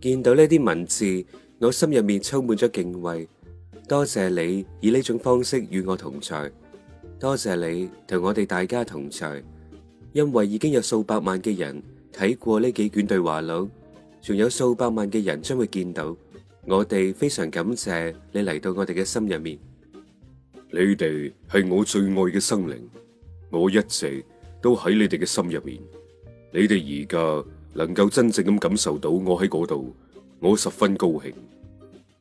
見到呢啲文字，我心入面充滿咗敬畏。多謝你以呢種方式與我同在，多謝你同我哋大家同在。因為已經有數百萬嘅人睇過呢幾卷對話錄，仲有數百萬嘅人將會見到。我哋非常感謝你嚟到我哋嘅心入面。你哋係我最愛嘅生靈，我一直都喺你哋嘅心入面。你哋而家。能夠真正咁感受到我喺嗰度，我十分高興。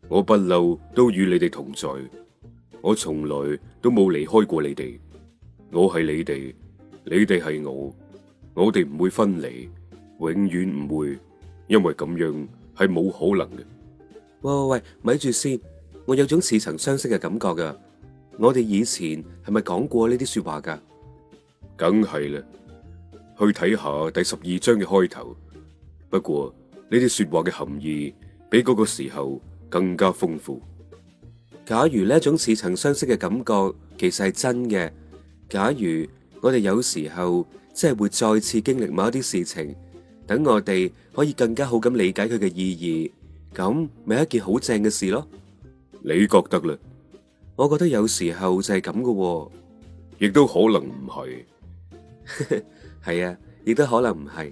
我不嬲都與你哋同在，我從來都冇離開過你哋。我係你哋，你哋係我，我哋唔會分離，永遠唔會，因為咁樣係冇可能嘅。喂喂喂，咪住先，我有種似曾相識嘅感覺噶。我哋以前係咪講過呢啲說話噶？梗係啦，去睇下第十二章嘅開頭。不過呢啲說話嘅含義比嗰個時候更加豐富。假如呢一種似曾相識嘅感覺其實係真嘅，假如我哋有時候真係會再次經歷某一啲事情，等我哋可以更加好咁理解佢嘅意義，咁咪一件好正嘅事咯。你覺得咧？我覺得有時候就係咁噶，亦都可能唔係。係 啊，亦都可能唔係。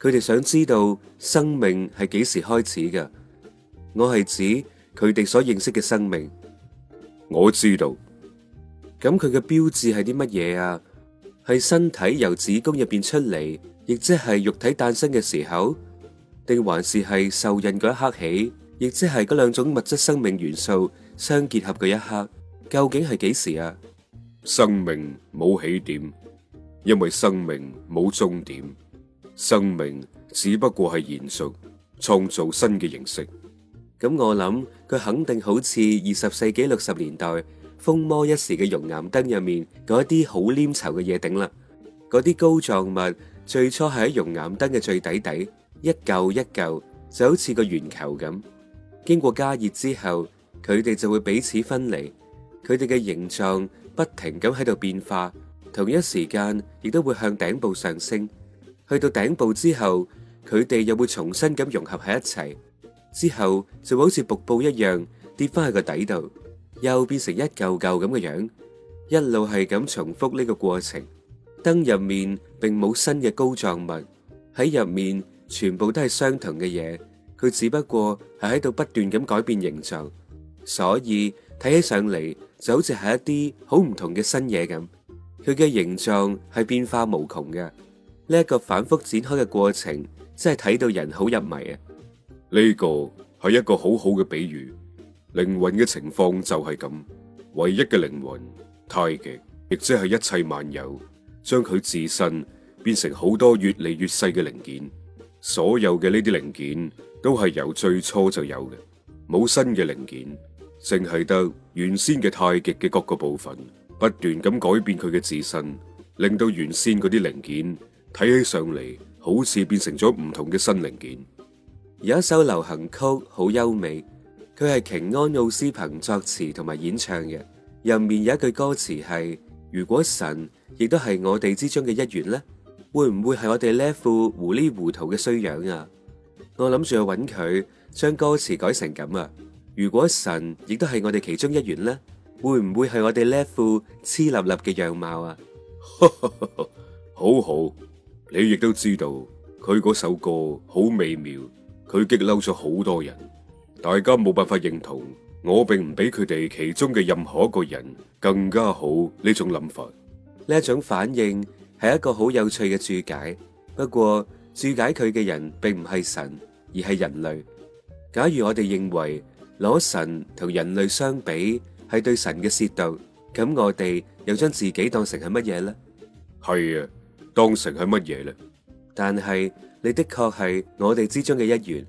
佢哋想知道生命係幾時開始嘅？我係指佢哋所認識嘅生命。我知道，咁佢嘅標誌係啲乜嘢啊？係身體由子宮入邊出嚟，亦即係肉體誕生嘅時候，定還是係受孕嗰一刻起，亦即係嗰兩種物質生命元素相結合嘅一刻？究竟係幾時啊？生命冇起點，因為生命冇終點。生命只不過係延續，創造新嘅形式。咁我諗佢肯定好似二十世紀六十年代風靡一時嘅熔岩燈入面嗰一啲好黏稠嘅嘢頂啦。嗰啲膏狀物最初係喺熔岩燈嘅最底底，一舊一舊就好似個圓球咁。經過加熱之後，佢哋就會彼此分離，佢哋嘅形狀不停咁喺度變化，同一時間亦都會向頂部上升。去到頂部之後，佢哋又會重新咁融合喺一齊，之後就好似瀑布一樣跌翻喺個底度，又變成一舊舊咁嘅樣，一路係咁重複呢個過程。燈入面並冇新嘅膏狀物，喺入面全部都係相同嘅嘢，佢只不過係喺度不斷咁改變形狀，所以睇起上嚟就好似係一啲好唔同嘅新嘢咁。佢嘅形狀係變化無窮嘅。呢一個反覆展開嘅過程，真係睇到人好入迷啊！呢個係一個好好嘅比喻，靈魂嘅情況就係咁，唯一嘅靈魂太極，亦即係一切萬有，將佢自身變成好多越嚟越細嘅零件。所有嘅呢啲零件都係由最初就有嘅，冇新嘅零件，淨係得原先嘅太極嘅各個部分不斷咁改變佢嘅自身，令到原先嗰啲零件。睇起上嚟，好似變成咗唔同嘅新零件。有一首流行曲好優美，佢係瓊安奧斯朋作詞同埋演唱嘅。入面有一句歌詞係：如果神亦都係我哋之中嘅一員呢，會唔會係我哋呢副糊裏糊塗嘅衰樣啊？我諗住去揾佢，將歌詞改成咁啊！如果神亦都係我哋其中一員呢，會唔會係我哋呢副黐立立嘅樣貌啊？好好。你亦都知道佢嗰首歌好美妙，佢激嬲咗好多人，大家冇辦法認同。我並唔比佢哋其中嘅任何一個人更加好呢種諗法。呢一種反應係一個好有趣嘅注解，不過注解佢嘅人並唔係神，而係人類。假如我哋認為攞神同人類相比係對神嘅褻瀆，咁我哋又將自己當成係乜嘢呢？係啊。當成係乜嘢咧？但係你的確係我哋之中嘅一員，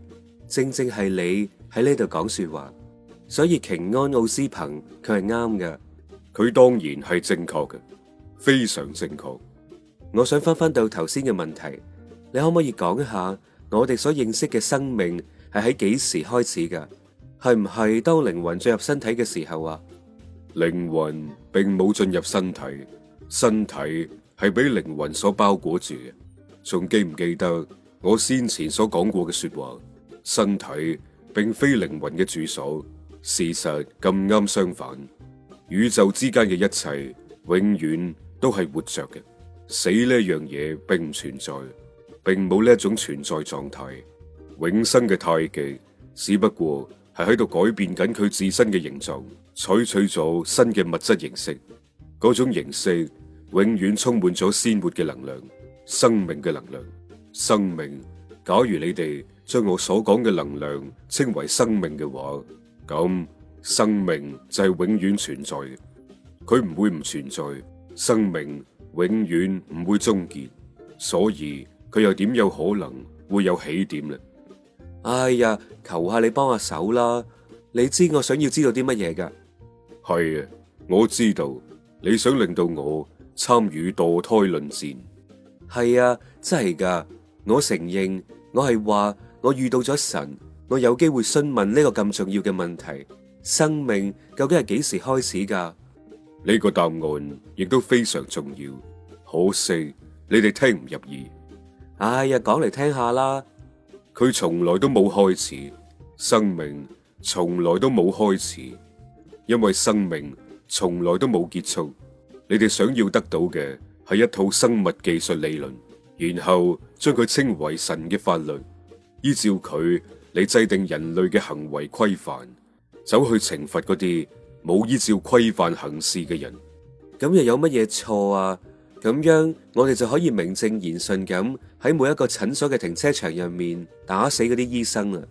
正正係你喺呢度講說話，所以瓊安奧斯朋佢係啱嘅，佢當然係正確嘅，非常正確。我想返返到頭先嘅問題，你可唔可以講一下我哋所認識嘅生命係喺幾時開始㗎？係唔係當靈魂進入身體嘅時候啊？靈魂並冇進入身體，身體係俾靈魂所包裹住嘅，仲記唔記得我先前所講過嘅說話？身體並非靈魂嘅住所，事實咁啱相反，宇宙之間嘅一切永遠都係活着嘅，死呢樣嘢並唔存在，並冇呢一種存在狀態。永生嘅太極，只不過係喺度改變緊佢自身嘅形狀，採取咗新嘅物質形式，嗰種形式。永遠充滿咗鮮活嘅能量，生命嘅能量，生命。假如你哋將我所講嘅能量稱為生命嘅話，咁生命就係永遠存在嘅，佢唔會唔存在，生命永遠唔會終結，所以佢又點有可能會有起點呢？哎呀，求下你幫下手啦！你知我想要知道啲乜嘢噶？係啊，我知道你想令到我。參與墮胎論戰，係啊，真係噶。我承認，我係話我遇到咗神，我有機會詢問呢個咁重要嘅問題：生命究竟係幾時開始噶？呢個答案亦都非常重要。可惜你哋聽唔入耳。哎呀，講嚟聽下啦。佢從來都冇開始，生命從來都冇開始，因為生命從來都冇結束。你哋想要得到嘅係一套生物技術理論，然後將佢稱為神嘅法律，依照佢嚟制定人類嘅行為規範，走去懲罰嗰啲冇依照規範行事嘅人。咁又有乜嘢錯啊？咁樣我哋就可以名正言順咁喺每一個診所嘅停車場入面打死嗰啲醫生啦。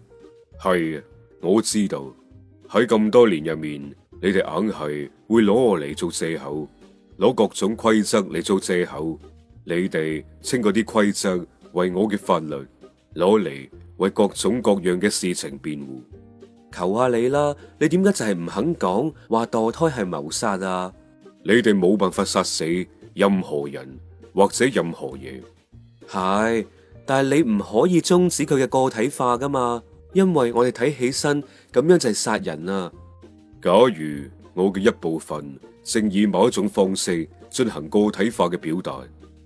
係啊，我知道喺咁多年入面，你哋硬係會攞我嚟做借口。攞各種規則嚟做借口，你哋稱嗰啲規則為我嘅法律，攞嚟為各種各樣嘅事情辯護。求下你啦，你點解就係唔肯講話墮胎係謀殺啊？你哋冇辦法殺死任何人或者任何嘢，係，但係你唔可以終止佢嘅個體化㗎嘛，因為我哋睇起身咁樣就係殺人啊。假如我嘅一部分。正以某一種方式進行個體化嘅表達，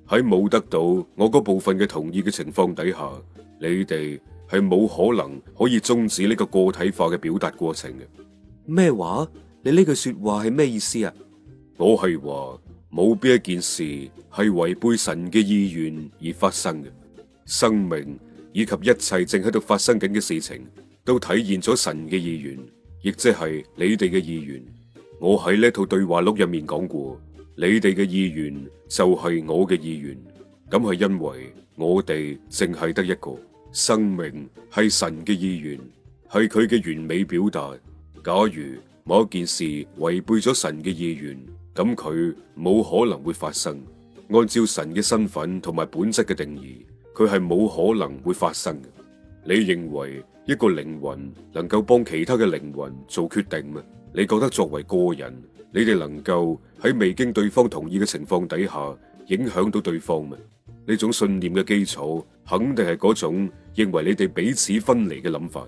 喺冇得到我嗰部分嘅同意嘅情況底下，你哋係冇可能可以終止呢個個體化嘅表達過程嘅。咩話？你呢句說話係咩意思啊？我係話冇邊一件事係違背神嘅意願而發生嘅，生命以及一切正喺度發生緊嘅事情，都體現咗神嘅意願，亦即係你哋嘅意願。我喺呢套對話錄入面講過，你哋嘅意願就係我嘅意願，咁係因為我哋淨係得一個。生命係神嘅意願，係佢嘅完美表達。假如某一件事違背咗神嘅意願，咁佢冇可能會發生。按照神嘅身份同埋本質嘅定義，佢係冇可能會發生嘅。你認為一個靈魂能夠幫其他嘅靈魂做決定嗎？你覺得作為個人，你哋能夠喺未經對方同意嘅情況底下影響到對方咩？呢種信念嘅基礎肯定係嗰種認為你哋彼此分離嘅諗法。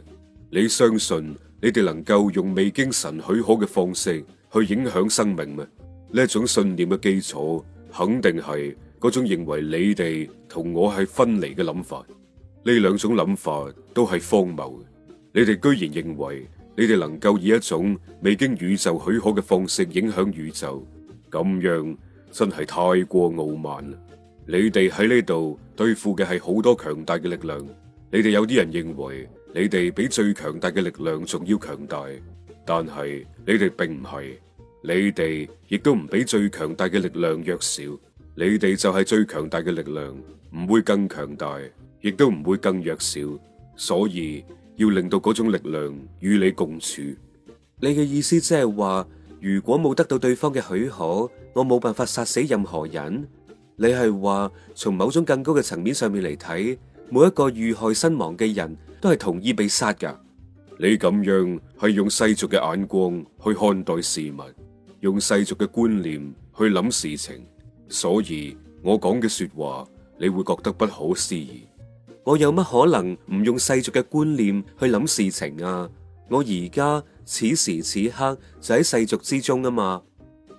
你相信你哋能夠用未經神許可嘅方式去影響生命咩？呢種信念嘅基礎肯定係嗰種認為你哋同我係分離嘅諗法。呢兩種諗法都係荒謬嘅。你哋居然認為，你哋能夠以一種未經宇宙許可嘅方式影響宇宙，咁樣真係太過傲慢啦！你哋喺呢度對付嘅係好多強大嘅力量，你哋有啲人認為你哋比最強大嘅力量仲要強大，但係你哋並唔係，你哋亦都唔比最強大嘅力量弱小，你哋就係最強大嘅力量，唔會更強大，亦都唔會更弱小，所以，要令到嗰種力量與你共處，你嘅意思即係話，如果冇得到對方嘅許可，我冇辦法殺死任何人。你係話從某種更高嘅層面上面嚟睇，每一個遇害身亡嘅人都係同意被殺噶。你咁樣係用世俗嘅眼光去看待事物，用世俗嘅觀念去諗事情，所以我講嘅說話你會覺得不可思議。我有乜可能唔用世俗嘅觀念去諗事情啊？我而家此時此刻就喺世俗之中啊嘛。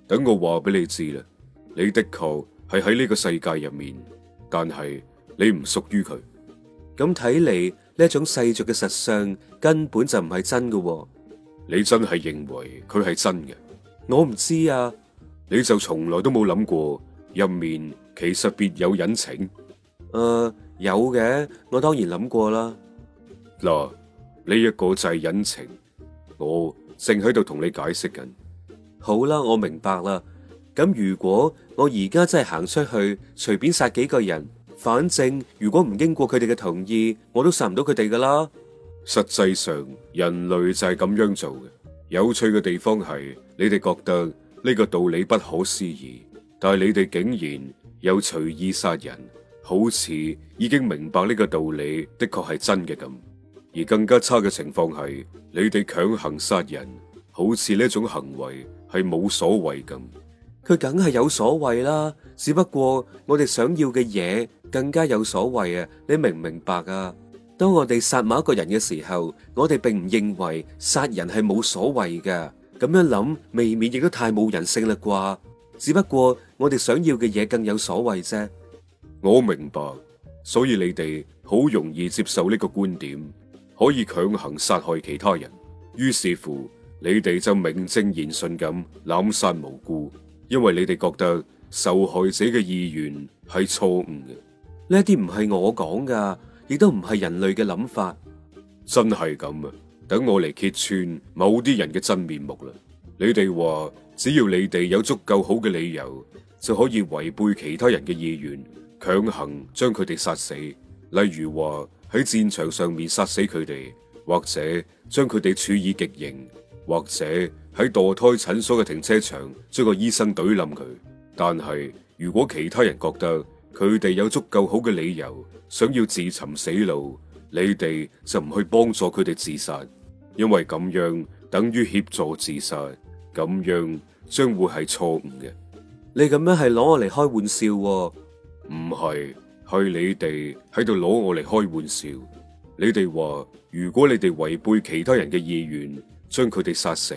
等我話俾你知啦，你的確係喺呢個世界入面，但係你唔屬於佢。咁睇嚟，呢一種世俗嘅實相根本就唔係真嘅。你真係認為佢係真嘅？我唔知啊。你就從來都冇諗過入面其實別有隱情？呃。有嘅，我當然諗過啦。嗱，呢一個就係隱情，我正喺度同你解釋緊。好啦，我明白啦。咁如果我而家真係行出去，隨便殺幾個人，反正如果唔經過佢哋嘅同意，我都殺唔到佢哋噶啦。實際上，人類就係咁樣做嘅。有趣嘅地方係，你哋覺得呢個道理不可思議，但係你哋竟然有隨意殺人，好似已經明白呢個道理的確係真嘅咁，而更加差嘅情況係你哋強行殺人，好似呢種行為係冇所謂咁。佢梗係有所謂啦，只不過我哋想要嘅嘢更加有所謂啊！你明唔明白啊？當我哋殺某一個人嘅時候，我哋並唔認為殺人係冇所謂㗎，咁樣諗，未免亦都太冇人性啦啩。只不過我哋想要嘅嘢更有所謂啫。我明白，所以你哋好容易接受呢個觀點，可以強行殺害其他人。於是乎，你哋就名正言順咁濫殺無辜，因為你哋覺得受害者嘅意願係錯誤嘅。呢啲唔係我講噶，亦都唔係人類嘅諗法，真係咁啊！等我嚟揭穿某啲人嘅真面目啦。你哋話，只要你哋有足夠好嘅理由，就可以違背其他人嘅意願。強行將佢哋殺死，例如話喺戰場上面殺死佢哋，或者將佢哋處以極刑，或者喺墮胎診所嘅停車場將個醫生懟冧佢。但係如果其他人覺得佢哋有足夠好嘅理由，想要自尋死路，你哋就唔去幫助佢哋自殺，因為咁樣等於協助自殺，咁樣將會係錯誤嘅。你咁樣係攞我嚟開玩笑喎。唔係，係你哋喺度攞我嚟開玩笑。你哋話，如果你哋違背其他人嘅意願，將佢哋殺死，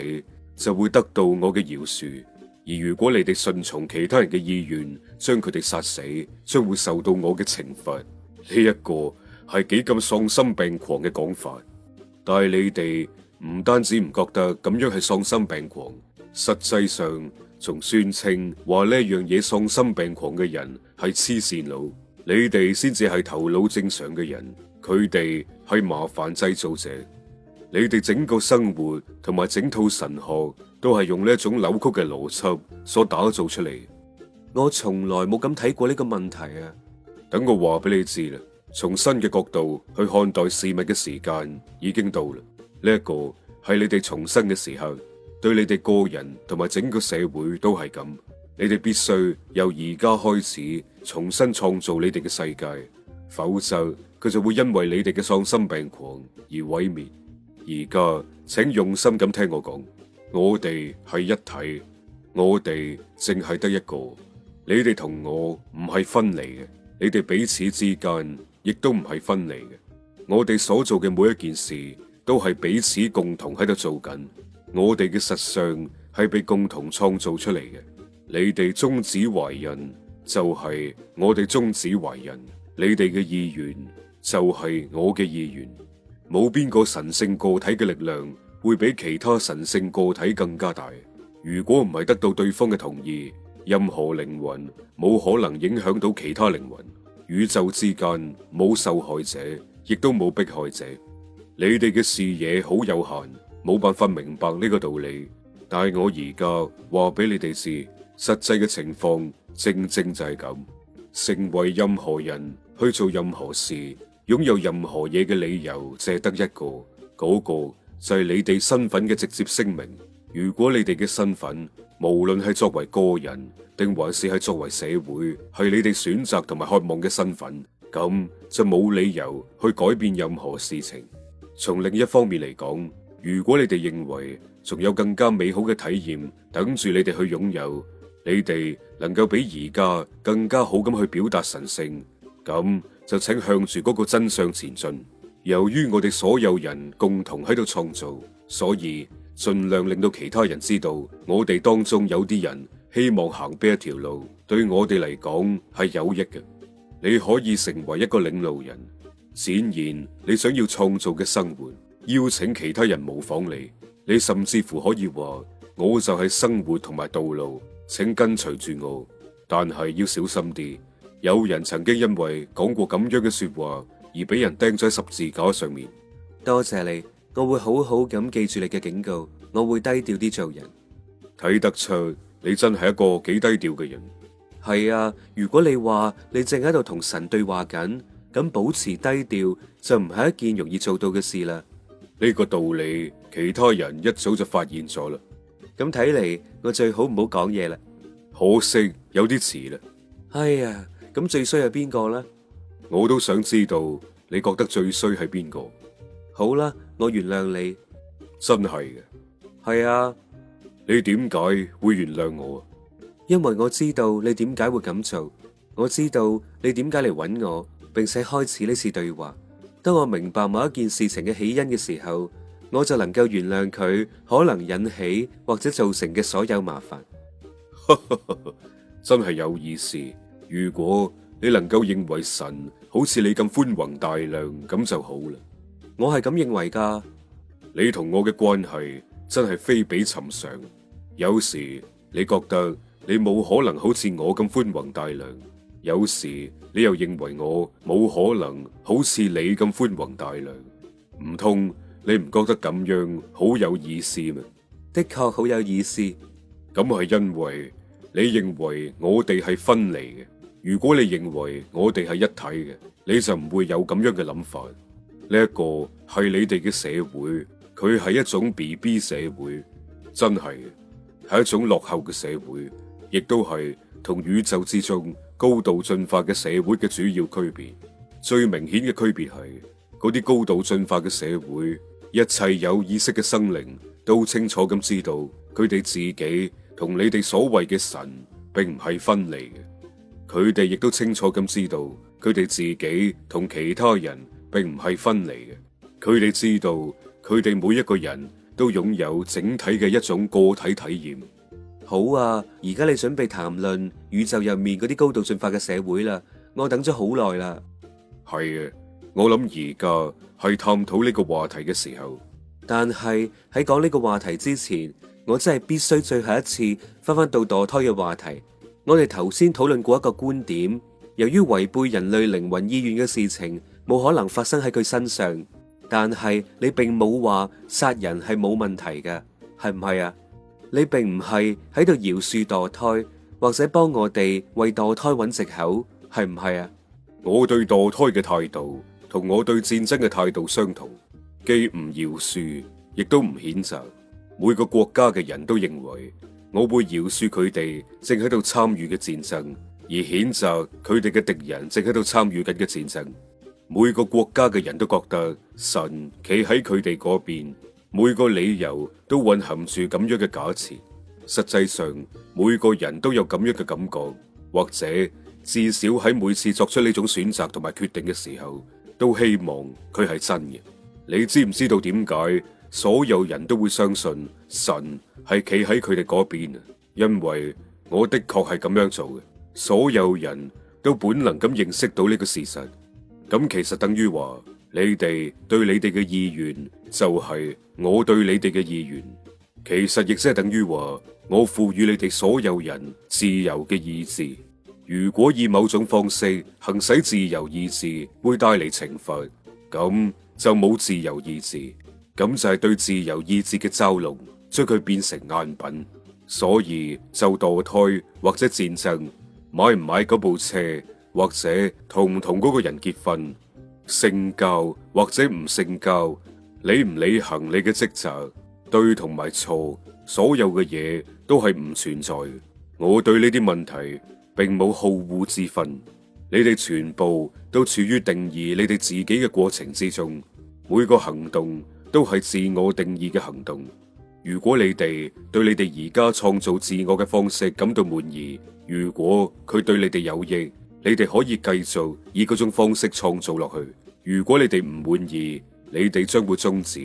就會得到我嘅饒恕；而如果你哋順從其他人嘅意願，將佢哋殺死，將會受到我嘅懲罰。呢一個係幾咁喪心病狂嘅講法。但係你哋唔單止唔覺得咁樣係喪心病狂，實際上。從宣稱話呢樣嘢喪心病狂嘅人係痴線佬，你哋先至係頭腦正常嘅人，佢哋係麻煩製造者。你哋整個生活同埋整套神學都係用呢一種扭曲嘅邏輯所打造出嚟。我從來冇咁睇過呢個問題啊！等我話俾你知啦，從新嘅角度去看待事物嘅時間已經到啦，呢一個係你哋重生嘅時候。對你哋個人同埋整個社會都係咁，你哋必須由而家開始重新創造你哋嘅世界，否則佢就會因為你哋嘅喪心病狂而毀滅。而家，請用心咁聽我講，我哋係一體，我哋淨係得一個，你哋同我唔係分離嘅，你哋彼此之間亦都唔係分離嘅。我哋所做嘅每一件事，都係彼此共同喺度做緊。我哋嘅實相係被共同創造出嚟嘅，你哋終止懷孕就係我哋終止懷孕，你哋嘅意願就係我嘅意願，冇邊個神性個體嘅力量會比其他神性個體更加大。如果唔係得到對方嘅同意，任何靈魂冇可能影響到其他靈魂。宇宙之間冇受害者，亦都冇迫害者。你哋嘅視野好有限。冇辦法明白呢個道理，但係我而家話俾你哋知，實際嘅情況正正就係咁。成為任何人去做任何事，擁有任何嘢嘅理由，只得一個，嗰個就係你哋身份嘅直接聲明。如果你哋嘅身份，無論係作為個人，定還是係作為社會，係你哋選擇同埋渴望嘅身份，咁就冇理由去改變任何事情。從另一方面嚟講。如果你哋認為仲有更加美好嘅體驗等住你哋去擁有，你哋能夠比而家更加好咁去表達神聖，咁就請向住嗰個真相前進。由於我哋所有人共同喺度創造，所以盡量令到其他人知道，我哋當中有啲人希望行邊一條路，對我哋嚟講係有益嘅。你可以成為一個領路人，展現你想要創造嘅生活。邀請其他人模仿你，你甚至乎可以話，我就係生活同埋道路，請跟隨住我，但係要小心啲。有人曾經因為講過咁樣嘅說話而俾人釘咗喺十字架上面。多謝你，我會好好咁記住你嘅警告，我會低調啲做人。睇得出你真係一個幾低調嘅人。係啊，如果你話你正喺度同神對話緊，咁保持低調就唔係一件容易做到嘅事啦。呢個道理，其他人一早就發現咗啦。咁睇嚟，我最好唔好講嘢啦。可惜有啲遲啦。哎呀，咁最衰係邊個啦？我都想知道，你覺得最衰係邊個？好啦，我原諒你。真係嘅。係啊。你點解會原諒我啊？因為我知道你點解會咁做，我知道你點解嚟揾我，並且開始呢次對話。當我明白某一件事情嘅起因嘅時候，我就能夠原諒佢可能引起或者造成嘅所有麻煩。 真係有意思。如果你能夠認為神好似你咁寬宏大量，咁就好啦。我係咁認為噶。你同我嘅關係真係非比尋常。有時你覺得你冇可能好似我咁寬宏大量。有時你又認為我冇可能好似你咁寬宏大量，唔通你唔覺得咁樣好有意思咩？的確好有意思。咁係因為你認為我哋係分離嘅。如果你認為我哋係一體嘅，你就唔會有咁樣嘅諗法。呢一個係你哋嘅社會，佢係一種 BB 社會，真係係一種落後嘅社會，亦都係同宇宙之中。高度進化嘅社會嘅主要區別，最明顯嘅區別係，嗰啲高度進化嘅社會，一切有意識嘅生靈都清楚咁知道，佢哋自己同你哋所謂嘅神，並唔係分離嘅；佢哋亦都清楚咁知道，佢哋自己同其他人並唔係分離嘅。佢哋知道，佢哋每一個人都擁有整體嘅一種個體體驗。好啊，而家你準備談論宇宙入面嗰啲高度進化嘅社會啦，我等咗好耐啦。係啊，我諗而家係探討呢個話題嘅時候。但係喺講呢個話題之前，我真係必須最後一次翻返到墮胎嘅話題。我哋頭先討論過一個觀點，由於違背人類靈魂意願嘅事情，冇可能發生喺佢身上。但係你並冇話殺人係冇問題嘅，係唔係啊？你並唔係喺度饒恕墮胎，或者幫我哋為墮胎揾藉口，係唔係啊？我對墮胎嘅態度同我對戰爭嘅態度相同，既唔饒恕，亦都唔譴責。每個國家嘅人都認為我會饒恕佢哋正喺度參與嘅戰爭，而譴責佢哋嘅敵人正喺度參與緊嘅戰爭。每個國家嘅人都覺得神企喺佢哋嗰邊。每個理由都蘊含住咁樣嘅假設，實際上每個人都有咁樣嘅感覺，或者至少喺每次作出呢種選擇同埋決定嘅時候，都希望佢係真嘅。你知唔知道點解所有人都會相信神係企喺佢哋嗰邊？因為我的確係咁樣做嘅，所有人都本能咁認識到呢個事實。咁其實等於話，你哋對你哋嘅意願。就係我對你哋嘅意願，其實亦即係等於話我賦予你哋所有人自由嘅意志。如果以某種方式行使自由意志會帶嚟懲罰，咁就冇自由意志，咁就係對自由意志嘅嘲弄，將佢變成贋品。所以就墮胎或者戰爭，買唔買嗰部車，或者同唔同嗰個人結婚，性交或者唔性交。履唔履行你嘅職責，對同埋錯，所有嘅嘢都係唔存在。我對呢啲問題並冇好惡之分。你哋全部都處於定義你哋自己嘅過程之中，每個行動都係自我定義嘅行動。如果你哋對你哋而家創造自我嘅方式感到滿意，如果佢對你哋有益，你哋可以繼續以嗰種方式創造落去。如果你哋唔滿意，你哋將會終止，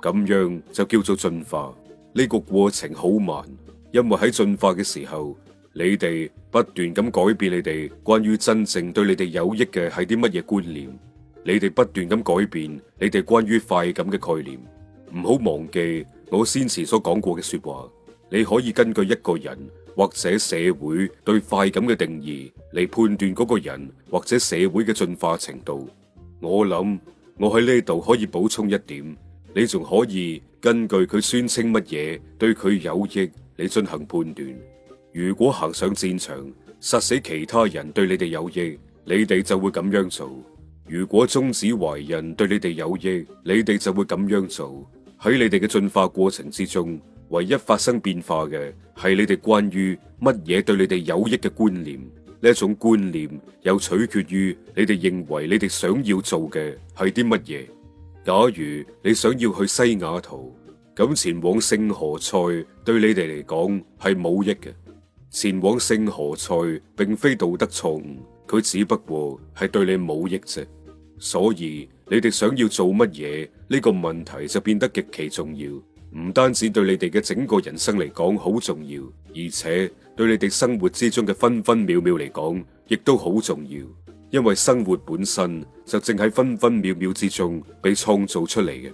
咁樣就叫做進化。呢個過程好慢，因為喺進化嘅時候，你哋不斷咁改變你哋關於真正對你哋有益嘅係啲乜嘢觀念。你哋不斷咁改變你哋關於快感嘅概念。唔好忘記我先前所講過嘅說話。你可以根據一個人或者社會對快感嘅定義嚟判斷嗰個人或者社會嘅進化程度。我諗。我喺呢度可以補充一點，你仲可以根據佢宣稱乜嘢對佢有益，你進行判斷。如果行上戰場，殺死其他人對你哋有益，你哋就會咁樣做；如果終止懷孕對你哋有益，你哋就會咁樣做。喺你哋嘅進化過程之中，唯一發生變化嘅係你哋關於乜嘢對你哋有益嘅觀念。呢一種觀念又取決於你哋認為你哋想要做嘅係啲乜嘢？假如你想要去西雅圖，咁前往聖何塞對你哋嚟講係冇益嘅。前往聖何塞並非道德錯誤，佢只不過係對你冇益啫。所以你哋想要做乜嘢，呢個問題就變得極其重要。唔單止對你哋嘅整個人生嚟講好重要，而且。對你哋生活之中嘅分分秒秒嚟講，亦都好重要，因為生活本身就正喺分分秒秒之中被創造出嚟嘅。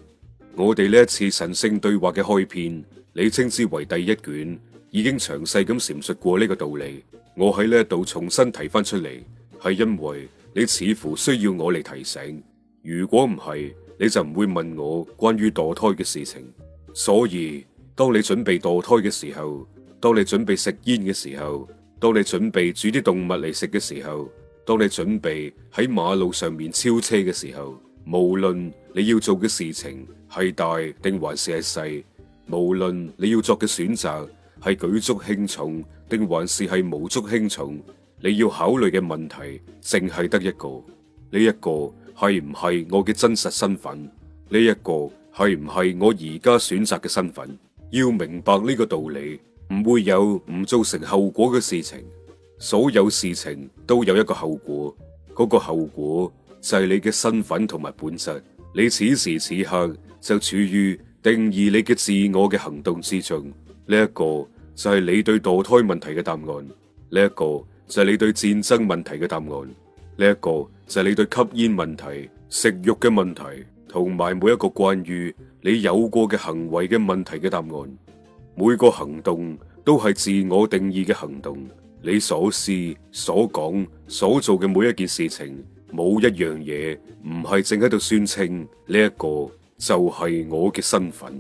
我哋呢一次神聖對話嘅開篇，你稱之為第一卷，已經詳細咁闡述過呢個道理。我喺呢一度重新提翻出嚟，係因為你似乎需要我嚟提醒。如果唔係，你就唔會問我關於墮胎嘅事情。所以，當你準備墮胎嘅時候，當你準備食煙嘅時候，當你準備煮啲動物嚟食嘅時候，當你準備喺馬路上面超車嘅時候，無論你要做嘅事情係大定還是係細，無論你要作嘅選擇係舉足輕重定還是係無足輕重，你要考慮嘅問題淨係得一個。呢一個係唔係我嘅真實身份？呢一個係唔係我而家選擇嘅身份？要明白呢個道理。唔會有唔造成後果嘅事情，所有事情都有一個後果，嗰個後果就係你嘅身份同埋本質。你此時此刻就處於定義你嘅自我嘅行動之中，呢一個就係你對墮胎問題嘅答案，呢一個就係你對戰爭問題嘅答案，呢一個就係你對吸煙問題、食肉嘅問題同埋每一個關於你有過嘅行為嘅問題嘅答案。每個行動都係自我定義嘅行動，你所思、所講、所做嘅每一件事情，冇一樣嘢唔係正喺度宣稱，呢一個就係我嘅身份。